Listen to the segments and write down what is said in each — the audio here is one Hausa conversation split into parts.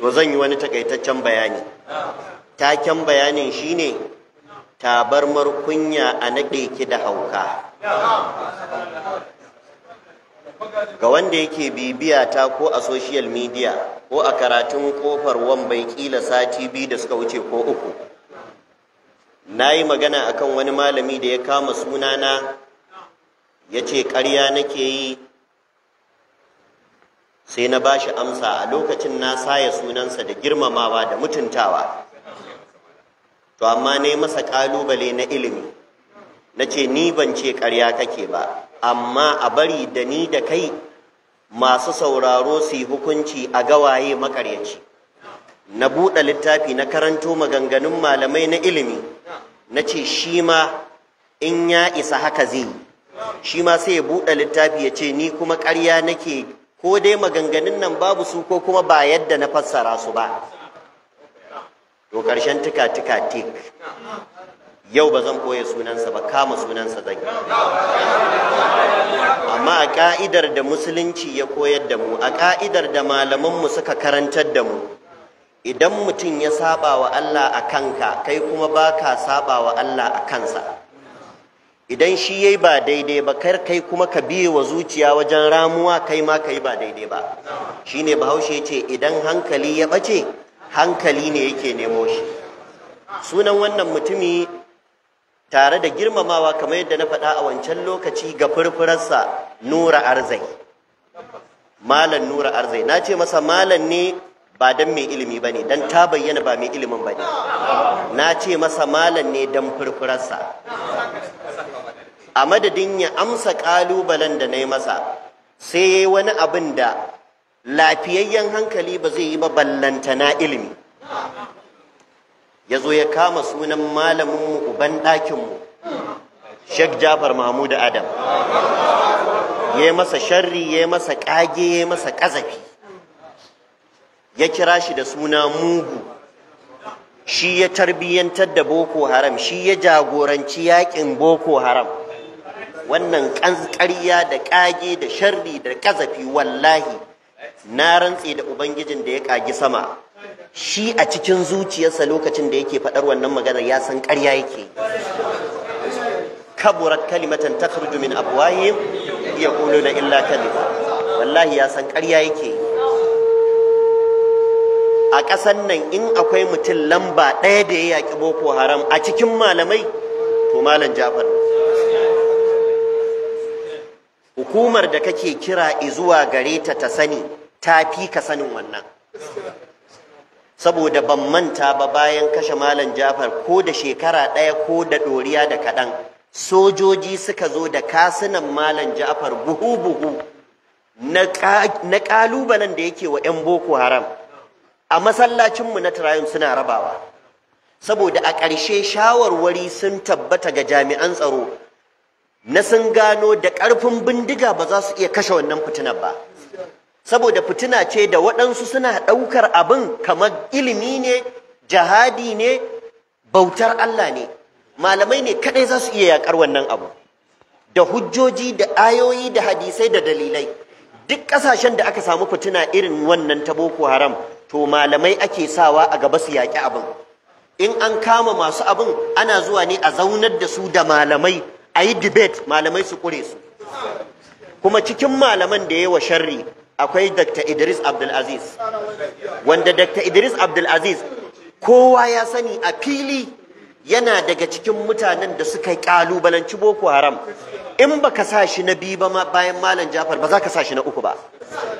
to zan yi wani takaitaccen bayani taken bayanin shine tabarmar kunya a naɗe ki da hauka ga wanda yake bibiya ta ko a social media ko a karatun kofar wambai kila sati biyu da suka wuce ko uku na yi magana akan wani malami da ya kama sunana ya ce ƙarya nake yi sai na ba shi amsa a lokacin na saya sunansa da girmamawa da mutuntawa to amma na yi masa ƙalubale na ilimi na ce ni ban ce ƙarya kake ba amma a bari da ni da kai masu sauraro su yi hukunci a gawaye makaryaci na buɗe littafi na karanto maganganun malamai na ilimi na ce shi ma in ya isa haka zai yi shi ma sai ya buɗe littafi ya ce ni kuma ƙarya nake ko dai maganganun nan babu su ko kuma ba yadda na fassara su ba to karshen tika tika tik yau ba zan koya sunansa ba kama sunansa zan amma a ka'idar da musulunci ya koyar da mu a ka'idar da malamanmu suka karantar da mu idan mutum ya saba wa Allah a kanka kai kuma ba ka saba wa Allah a kansa idan shi yayi ba daidai ba kar kai kuma ka biye wa zuciya wajen ramuwa kai ma kai ba daidai ba shine bahaushe yace idan hankali ya bace hankali ne yake nemo shi sunan wannan mutumi tare da girmamawa kamar yadda na faɗa a wancan lokaci ga furfurarsa nura arzai malan nura arzai na ce masa malam ne ba don mai ilimi ba ne don ta bayyana ba mai ilimin ba ne na ce masa malam ne don furfurarsa a madadin ya amsa ƙalubalen da na yi masa sai ya yi wani abin da lafiyayyen hankali ba zai yi ba na ilimi ya zo ya kama sunan malaminmu uban ɗakinmu Sheik Jafar Mahmud Adam ya yi masa sharri ya yi masa ƙage ya yi masa ƙazafi ya kira shi da suna mugu shi ya tarbiyyantar da boko haram shi ya jagoranci yaƙin boko haram wannan ƙanƙarya da ƙage da sharri da ƙazafi wallahi na rantse da ubangijin da ya ƙagi sama shi a cikin zuciyarsa lokacin da yake faɗar wannan maganar ya san ƙarya yake kaburat kalimatan takhruju min ƙulo na illa kadhiba wallahi ya san ƙarya yake a ƙasan nan in akwai mutum lamba ɗaya da ya yaƙi boko haram a cikin malamai to malam jafar hukumar da kake kira Izuwa gare ta ta sani ta fi ka sanin wannan saboda ban manta ba bayan kashe malam jafar ko da shekara ɗaya ko da ɗoriya da kaɗan sojoji suka zo da kasunan malam jafar buhu-buhu na ƙalubalen da yake wa 'yan boko haram a masallacinmu na tarayin suna rabawa saboda a ƙarshe shawarwari sun tabbata ga jami'an tsaro na sun gano da ƙarfin bindiga ba za su iya kashe wannan fitinar ba saboda fitina ce da waɗansu suna ɗaukar abin kamar ilimi ne jihadi ne bautar Allah ne malamai ne kaɗai za su iya yaƙar wannan abu da hujjoji da ayoyi da hadisai da dalilai duk ƙasashen da aka samu fitina irin wannan ta boko haram to malamai ake sawa a gaba su yaƙi abin in an kama masu abin ana zuwa ne a zaunar da su da malamai a yi debate malamai su kure su kuma cikin malaman da ya yi wa sharri akwai Dr. Idris Abdulaziz wanda Dr. Idris Abdulaziz kowa ya sani a fili yana daga cikin mutanen da suka yi kalubalanci Boko Haram in ba ka sa shi na biyu ba bayan Malam Jafar ba za ka sa shi na uku ba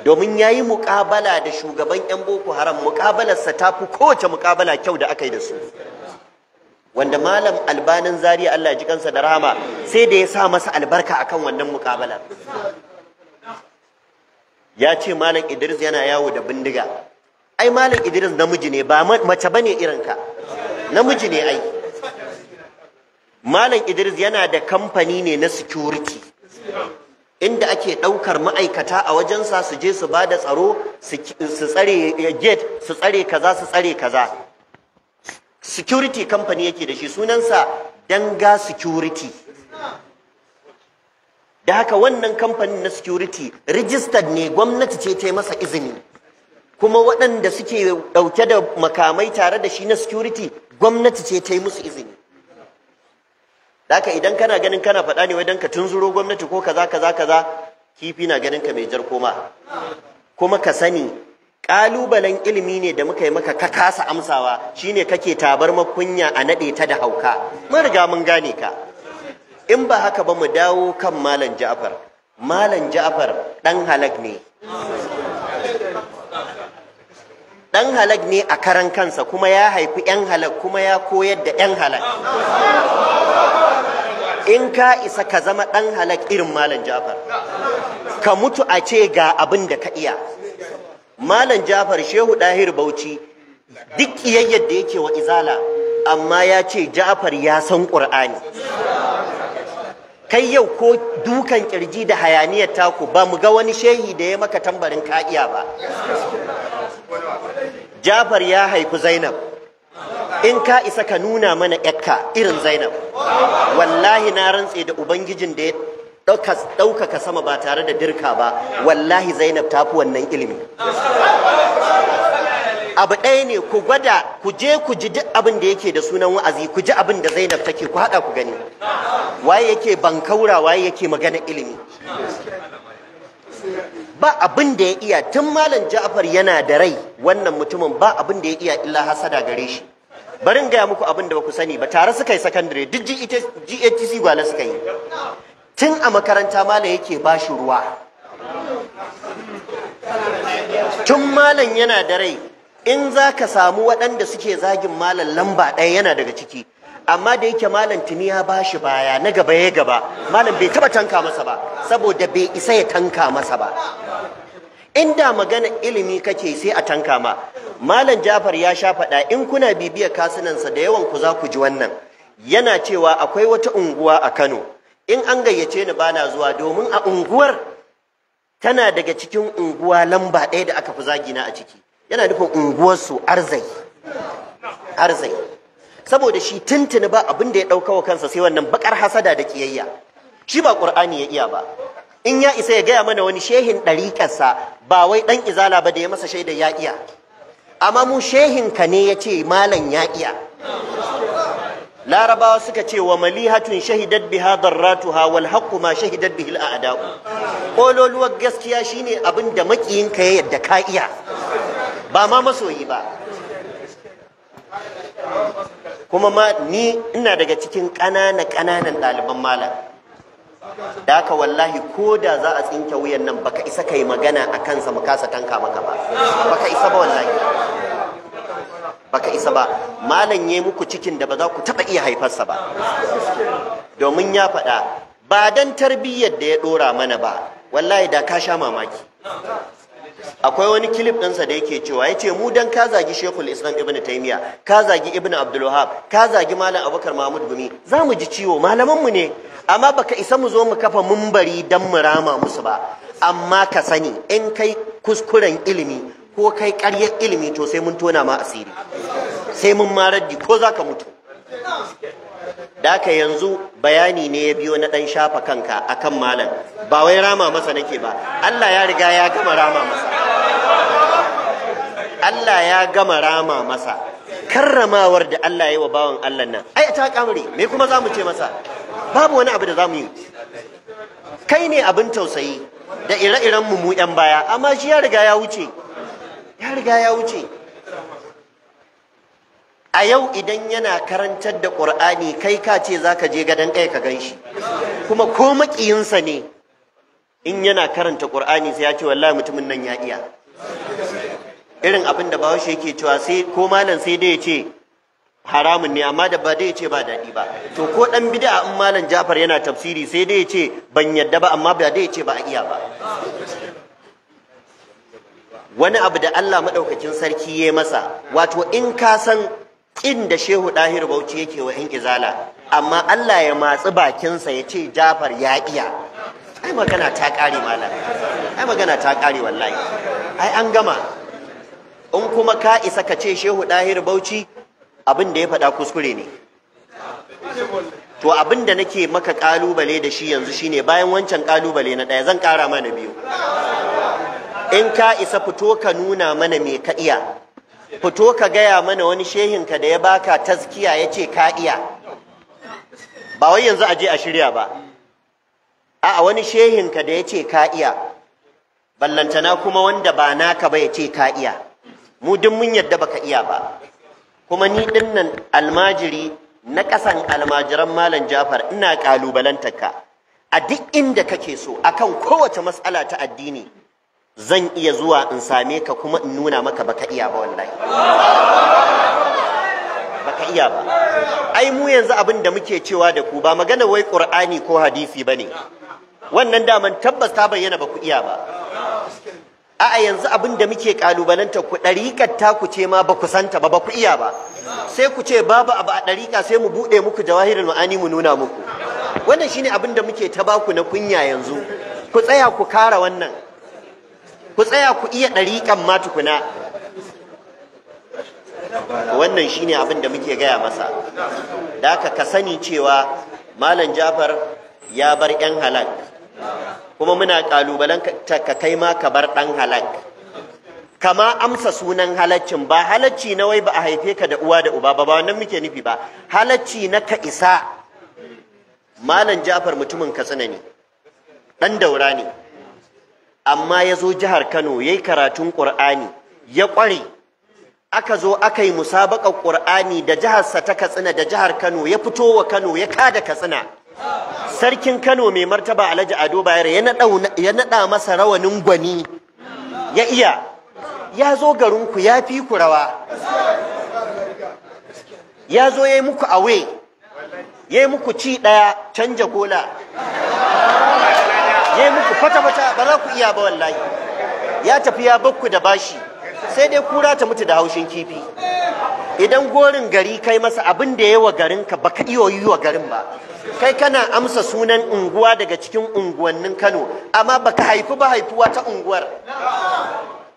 domin ya yi mukabala da shugaban 'yan Boko Haram mukabalarsa ta fi kowace mukabala kyau da aka yi da su wanda malam albanin zariya Allah ji kansa da rahama sai da ya sa masa albarka akan wannan mukabala ya ce malam Idris yana yawo da bindiga ai malam Idris namiji ne ba mace bane irin ka namiji ne ai malam Idris yana da kamfani ne na security inda ake ɗaukar ma'aikata a wajensa su je su ba da tsaro su tsare gate su tsare kaza su tsare kaza security company yake da shi sunansa danga security da haka wannan kamfanin na security registered ne gwamnati ce ta yi masa izini kuma waɗanda suke ɗauke da makamai tare da shi na security gwamnati ce ta yi musu izini da haka idan kana ganin kana faɗa ne wajen ka tunzuro gwamnati ko kaza kaza kaza kifi na ganin ka mai jar koma kuma ka sani ƙalubalen ilimi ne da muka yi maka ka kasa amsawa shine kake tabar makunya a naɗe ta da hauka mun riga mun gane ka in ba haka ba mu dawo kan malam ja'far malam ja'far ɗan halak ne ɗan halak ne a karan kansa kuma ya haifi 'yan halak kuma ya koyar da 'yan halak in ka isa ka zama ɗan halak irin malam ja'far ka mutu a ce ga abin da ka iya malam jafar shehu dahir bauchi duk kiyayyar da yake wa izala amma ya ce jafar ya san ƙur'ani kai yau ko dukan kirji da hayaniyar taku ba mu ga wani shehi da ya maka tambarin ka'iya ba jafar ya haiku zainab in ka isa ka nuna mana yakka irin zainab wallahi na rantse da ubangijin da ya ɗaukaka sama ba tare da dirka ba wallahi zainab ta fi wannan ilimi abu ɗaya ne ku gwada ku je ku ji duk abin da yake da sunan wa'azi ku ji abin da zainab take ku haɗa ku gani waye yake bankaura waye yake magana ilimi ba abin da ya iya tun malam ja'far yana da rai wannan mutumin ba abin da ya iya illa hasada gare shi barin gaya muku abin da ba ku sani ba tare suka yi sakandare duk GATC e e gwale suka yi tun a makaranta malam yake ba shi ruwa tun malam yana da rai in za ka samu waɗanda suke zagin malam lamba ɗaya yana daga ciki amma da yake malam tuni ya ba shi baya na gaba ya gaba malam bai taba tanka masa ba saboda bai isa ya tanka masa ba inda magana ilimi kake sai a tanka ma malam jafar ya sha faɗa in kuna bibiyar kasunansa da yawan ku za ku ji wannan yana cewa akwai wata unguwa a kano in an gayyace ni bana zuwa domin a unguwar tana daga cikin unguwa lamba ɗaya da aka fi zagina a ciki yana nufin unguwarsu arzai arzai saboda shi tuntuni ba abin da ya ɗauka wa kansa sai wannan bakar hasada da kiyayya shi ba ƙur'ani ya iya ba in ya isa ya gaya mana wani shehin ɗariƙarsa ba wai ɗan izala ba da ya masa shaida ya iya amma mu shehin ka ne ya ce malam ya iya larabawa suka ce wa malihatun shahidat biha ratu, wal haqqu ma shahidat bihi al adaku. kololuwar gaskiya shine abin da makiyinka ya yadda ka iya ba ma masoyi ba kuma ma ni ina daga cikin ƙanana ƙananan ɗaliban malam da aka wallahi ko da za a tsinke wuyan nan baka isa kai magana a kansa mu kasa tanka maka ba baka isa ba wallahi baka isa ba malam ya muku cikin da ba za ku taɓa iya haifarsa ba domin ya faɗa ba dan tarbiyyar da ya ɗora mana ba wallahi da ka sha mamaki akwai wani kilif ɗinsa da yake cewa ya ce mu dan ka zagi shekul islam ibn taimiya ka zagi ibn abdulwahab ka zagi malam abubakar mahmud gumi za mu ji ciwo malamanmu ne amma baka isa mu zo mu kafa mumbari dan mu rama musu ba amma ka sani in kai kuskuren ilimi ko kai karyar ilimi to sai mun tona ma asiri sai mun marar raddi ko za ka mutu daka yanzu bayani ne ya biyo na dan shafa kanka akan malam ba wai rama masa nake ba Allah ya riga ya gama rama masa Allah ya gama rama masa karramawar da Allah ya yi wa bawan Allah nan ai ta kamare me kuma za mu ce masa babu wani abu da za mu yi kai ne abin tausayi da ire-iren mu mu 'yan baya amma shi ya riga ya wuce ya riga ya wuce a yau idan yana karantar da ƙur'ani kai ka ce za ka je gadon ɗaya ka gan shi kuma ko maƙiyinsa ne in yana karanta ƙur'ani sai ya ce wallahi mutumin nan ya iya irin abin da bahaushe yake cewa sai ko malam sai dai ya ce haramun ne amma da ba dai ce ba daɗi ba to ko ɗan bid'a in malam Jafar yana tafsiri sai dai ce ban yadda ba amma ba dai ce ba a iya ba wani abu da Allah maɗaukakin sarki ya yi masa wato in ka san Inda shehu ɗahir bauchi yake wa yan zala, amma Allah ya matsi bakinsa ya ce jafar ya iya ai magana ta ƙare malam ai magana ta ƙare wallahi ai an gama in kuma ka isa ka ce shehu ɗahir bauchi abin da ya faɗa kuskure ne to abin da nake maka ƙalubale da shi yanzu shine bayan wancan ƙalubale na ɗaya zan ƙara mana biyu in ka isa fito ka nuna mana me ka iya fito ka gaya mana wani shehinka da ya baka taskiya ya ce ka iya ba wai yanzu a je a shirya ba a wani shehinka da ya ce ka iya ballantana kuma wanda ba naka ba ya ce ka iya mu duk mun yadda baka iya ba kuma ni dinnan almajiri na kasan almajiran malam jafar ina kalubalantaka a duk inda kake so akan kowace matsala ta addini zan iya zuwa in same ka kuma in nuna maka baka iya ba wallahi baka iya ba ai mu yanzu abin da muke cewa da ku ba magana wai qur'ani ko hadisi bane wannan daman tabbas ta bayyana ba iya ba a'a yanzu abin da muke kalubalanta ku dariƙar ta ku ce ma baku ku santa ba ba iya ba sai ku ce babu abu a ɗariƙa sai mu buɗe muku jawahirul ma'ani mu nuna muku wannan shine abin da muke ta baku na kunya yanzu ku tsaya ku kara wannan ku tsaya ku iya ɗariƙan ma tukuna wannan shine abin da muke gaya masa da aka ka sani cewa malam jafar ya bar 'yan halak kuma muna ƙalubalen ka kai ma ka bar ɗan halak kama amsa sunan halaccin ba halacci na wai ba a haife ka da uwa da uba ba ba wannan muke nufi ba halacci na ka isa malam jafar mutumin katsina ne ɗan daura ne amma ya zo jihar Kano ya yi karatun Ƙur'ani ya ƙware aka zo aka yi musabaƙar Ƙur'ani da jiharsa ta Katsina da jihar Kano ya fito wa Kano ya kada Katsina sarkin Kano mai martaba Alhaji Ado bayar ya naɗa masa rawanin gwani ya iya ya zo garinku ya fi ku rawa ya zo ya yi muku awe ya yi muku ci ɗaya canja kola je muku fata-fata ba za ku iya ba wallahi ya tafi ya bakku da bashi sai dai kura ta mutu da haushin kifi idan gorin gari kai masa abin da ya wa ka baka ka iyo yi wa garin ba kai kana amsa sunan unguwa daga cikin unguwannin kano amma ba ka haifi ba haifuwa ta unguwar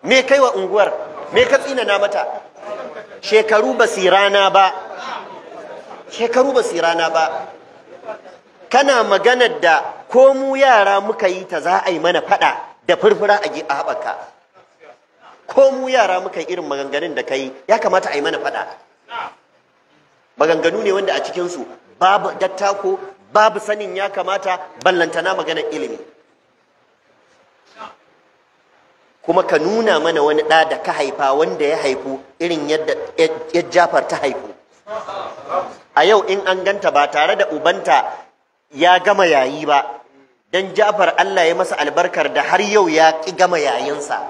me kai wa unguwar me ka tsina na mata shekaru ba rana ba shekaru ba rana ba kana maganar da ko mu yara muka yi ta za a yi mana fada da furfura a haɓaka ko yara muka yi irin maganganun da ka yi ya kamata a yi mana fada maganganu ne wanda a cikinsu babu dattako babu sanin ya kamata ballantana maganar ilimi kuma ka nuna mana wani ɗa da ka haifa wanda ya haifu irin yadda ya jafar ta haifu a yau in an ganta ba tare da ubanta ya gama yayi ba dan Ja'far Allah ya masa albarkar da har yau ya ƙi gama yayinsa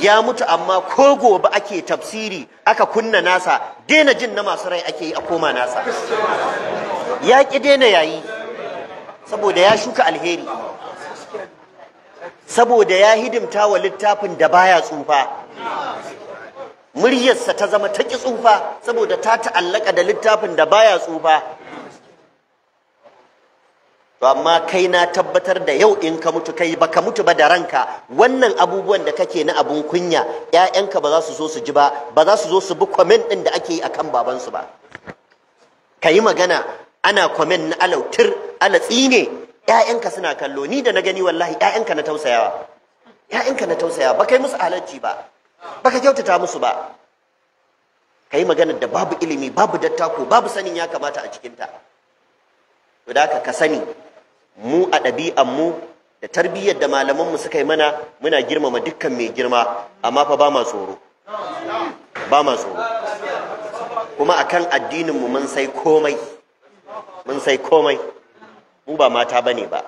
ya mutu amma ko gobe ake tafsiri aka kunna nasa daina jin na masu rai ake yi a koma nasa ya ki daina yayi saboda ya shuka alheri saboda ya hidimta wa littafin da baya tsufa muryarsa ta zama ta ki tsufa saboda ta ta'allaka da littafin da baya tsufa to amma kai na tabbatar da yau in ka mutu kai ba ka mutu ba da ranka wannan abubuwan da kake na abun kunya ƴaƴanka ba za su zo su ji ba ba za su zo su bi comment din da ake yi akan babansu ba kayi magana ana comment na alautir alatsi ne ƴaƴanka suna kallo ni da na gani wallahi ƴaƴanka na tausayawa ƴaƴanka na tausayawa ba kai musu halarci ba ba ka kyautata musu ba kayi magana da babu ilimi babu dattako babu sanin ya kamata a cikinta to da ka sani mu a ɗabi'an mu da tarbiyyar da malamanmu suka yi mana muna girmama dukkan mai girma amma fa ba ma tsoro ba ma tsoro kuma akan addininmu mun sai komai mun sai komai mu ba mata ba ne ba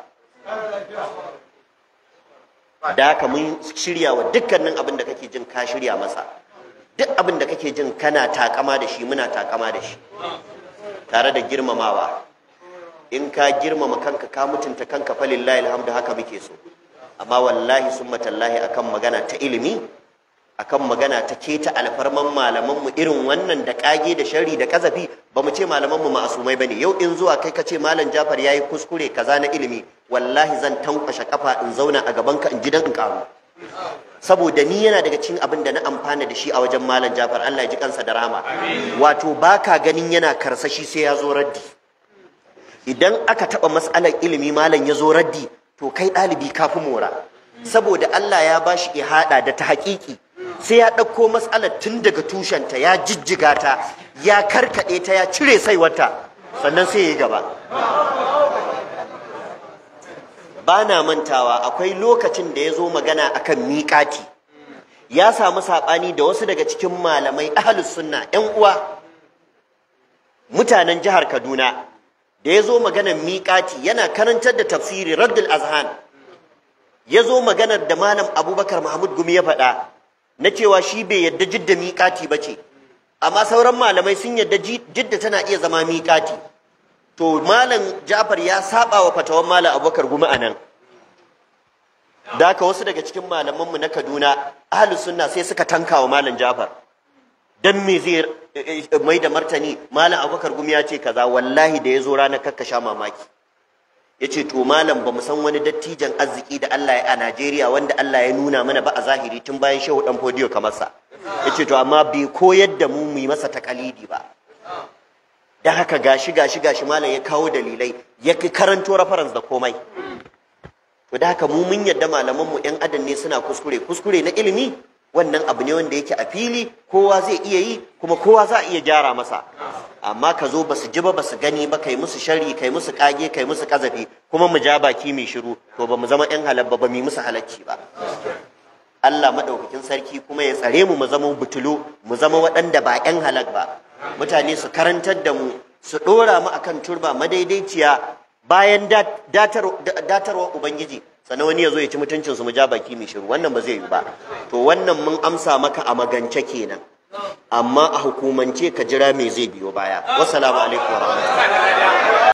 da haka mun shirya wa dukkanin abin da kake jin ka shirya masa duk abin da kake jin kana takama da shi muna takama da shi tare da girmamawa in ka girmama kanka ka mutunta kanka fa lillahi alhamdu haka muke so amma wallahi summa tallahi akan magana ta ilimi akan magana ta keta alfarman malaman mu irin wannan da kage da shari da kazafi ba mu ce malaman mu ma'asumai bane yau in zuwa kai ka ce malam Jafar yayi kuskure kaza na ilimi wallahi zan tankwashe kafa in zauna a gaban ka in ji dan in karu saboda ni yana daga cikin abin da na amfana da shi a wajen malam Jafar Allah ya ji kansa da rahama wato baka ganin yana karsashi sai ya zo raddi idan aka taɓa matsalar ilimi malam ya zo raddi to kai ɗalibi kafi mora saboda Allah ya ba bashi ihada da ta haƙiƙi sai ya ɗauko matsalar tun daga tushenta ya jijjiga ta ya karkaɗe ta ya cire saiwata sannan sai ya yi gaba ba na mantawa akwai lokacin da ya zo magana akan miƙati ya samu saɓani da wasu daga cikin malamai ahalus sunna 'yan uwa mutanen jihar kaduna da ya zo maganar miƙati yana karantar da tafsiri raddul azhan ya zo maganar da malam abubakar mahmud gumi ya faɗa na cewa shi bai yadda jidda miƙati ba ce amma sauran malamai sun yadda jidda tana iya zama miƙati to malam ja'far ya saba wa fatawan malam abubakar gumi a nan da aka wasu daga cikin malamanmu na kaduna ahlus sunna sai suka tanka wa malam ja'far dan me zai eh, eh, mai da martani malam abubakar gumi ya ce kaza wallahi da ya zo ranar sha mamaki ya ce to malam ba mu san wani dattijan arziki da Allah ya a Najeriya wanda Allah ya nuna mana ba a zahiri tun bayan shehu dan fodiyo kamar sa ya ce to amma bai koyar da mu mu masa takalidi ba da haka gashi gashi gashi malam ya kawo dalilai ya karanto reference da komai to da haka mu mun yadda malaman mu yan adan ne suna kuskure kuskure na ilimi wannan abu ne wanda yake a fili kowa zai iya yi kuma kowa za a iya gyara masa amma ka zo ba su ji ba ba su gani ba kai musu shari kai musu kage kai musu kazafi kuma mu ja baki mai shiru to ba mu zama yan halabba ba mu musu halacci ba Allah madaukakin sarki kuma ya tsare mu mu zama butulo mu zama waɗanda ba yan halak ba mutane su karantar da mu su ɗora mu akan turba madaidaiciya bayan datarwa ubangiji sannan wani ya zo ya ci mutuncin su mu ja baki mai shiru wannan ba zai yi ba to wannan mun amsa maka a magance kenan amma a hukumance ka jira me zai biyo baya wassalamu alaikum wa